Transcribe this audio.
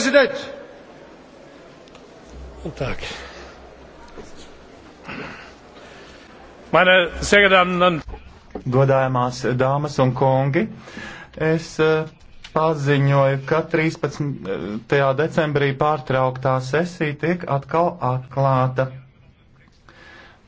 Präsident! Guten Tag. Meine sehr geehrten Damen und Godājumās dāmas un kungi, es eh, paziņoju, ka 13. decembrī pārtrauktā sesija tiek atkal atklāta.